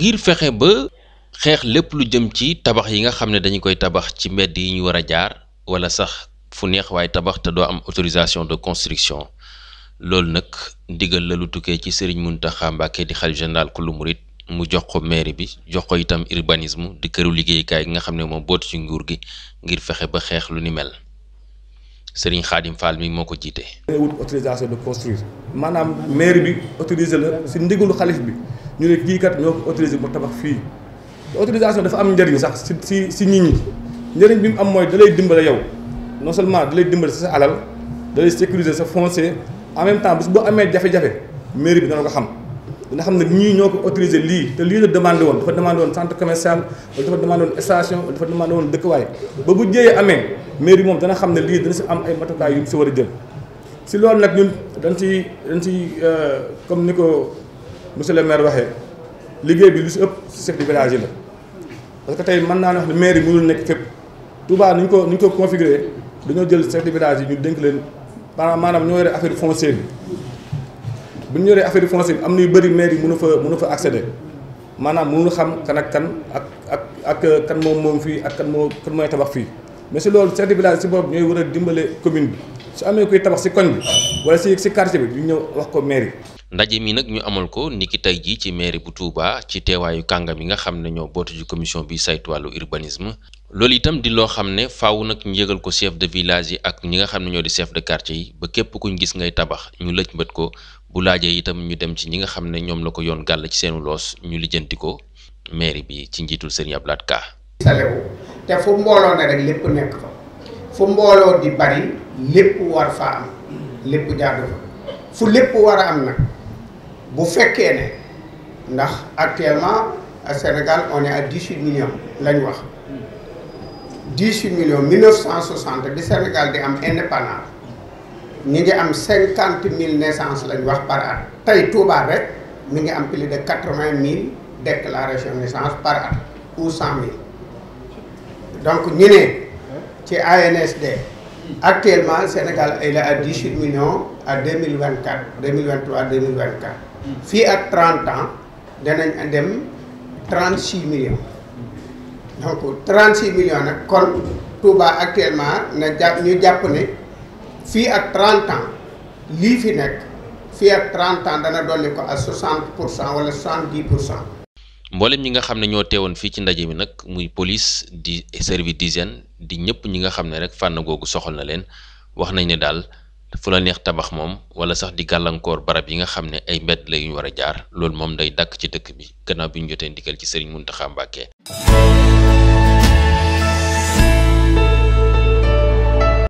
ngir fexe ba xeex lépp lu jëm ci tabax yi nga xam ne dañu koy tabax ci mbedd yi ñu war a jaar wala sax fu neex waaye tabax te doo am autorisation de construction loolu nag ndigal la lu tukkee ci Serigne Mountakha Mbacké di xalif général ku lu murit mu jox ko mairie bi jox ko itam urbanisme di këru liggéeykaay gi nga xam ne moom bootu ci nguur gi ngir fexe ba xeex lu ni mel sëriñ Khadim Fall mi moo ko jiite. wut autorisation bi autorisé la si ndigalu xalif bi. ñu ne kii kat ñoo ko autorisé mu tabax fii autorisation dafa am njëriñ sax si si si nit ñi njëriñ bi mu am mooy da lay dimbale yow non seulement da lay dimbale si sa alal da lay sécuriser sa foncier en même temps bis boo amee jafe-jafe mairie bi dana ko xam dina xam ne ñii ñoo ko autorisé lii te lii la demandé woon dafa demandé woon centre commercial wala dafa demandé woon station wala dafa demandé woon dëkkuwaay ba bu jëyee amee mairie moom dana xam ne lii dana si am ay matukaay yu si war a jël si loolu nag ñun dañ ci dañ ci euh, comme ni ko. monsieur le maire waxee liggéey bi lu si ëpp si chef village yi la parce que tey mën naa ne wax ne maire yi mënul nekk fépp Touba ni ñu ko ni ñu ko configuré dañoo jël chef de village yi ñu dénk leen maanaam ñoo yore affaire foncière bi bu ñu yoree affaire foncé bi am na yu bëri maire yi munu fa munu fa accéder maanaam mënul xam kan ak kan ak ak ak kan moom moom fii ak kan moo kan mooy tabax fii mais loolu chef de village si boobu ñooy war a dimbale commune bi su amee kuy tabax si koñ bi wala si si quartier bi ñu ñëw wax ko mairie. ndaje mi nag ñu amal ko niki tey jii ci mairie bu Touba ci teewaayu kàngam yi nga xam ne ñoo bootu ci commission bi saytu wàllu urbanisme loolu itam di loo xam ne faw nag ñu yëgal ko chef de village yi ak ñi nga xam ne ñoo di chef de quartier yi ba képp kuñ gis ngay tabax ñu lëj mbët ko bu laajee itam ñu dem ci ñi nga xam ne ñoom la ko yoon gàll ci seenu loos ñu lijjanti ko mairie bi ci njiitul seen Abdou Lahad lépp jaadu fa fu lépp war a am nag bu fekkee ne ndax actuellement à Sénégal on a à dix-huit millions lañ wax dix-huit millions mille neuf cent soixante bi Sénégal di am indépendance ñi ngi am cinquante mille naissances lañ wax par at tey Touba rek mi ngi am plus de quatre-vingt mille déclaration naissance par at ou cent mille donc ñu ne ci ANSD actuellement Sénégal il est à dix huit millions à deux mille vingt quatre deux mille vingt trois deux mille vingt quatre mm. fii ak trente ans danañ dem trente six millions donc trent six million nag kon Touba actuellement na jàpp ñu jàpp ne fii ak trente ans lii fi nekk fii ak trente ans dana dolli ko à soixante pour cent wala soixante dix pour cent. mboolem ñi nga xam ne ñoo teewoon fii ci ndaje mi nag muy police di service d'hygiène di ñëpp ñi nga xam ne rek fànna googu soxal na leen wax nañ ne daal fu la neex tabax moom wala sax di gàllankoor barab yi nga xam ne ay mbedd la yu ñu war a jaar loolu moom day dàkk ci dëkk bi gannaaw bi ñu jotee ndigal ci Serigne Mountakha Mbacké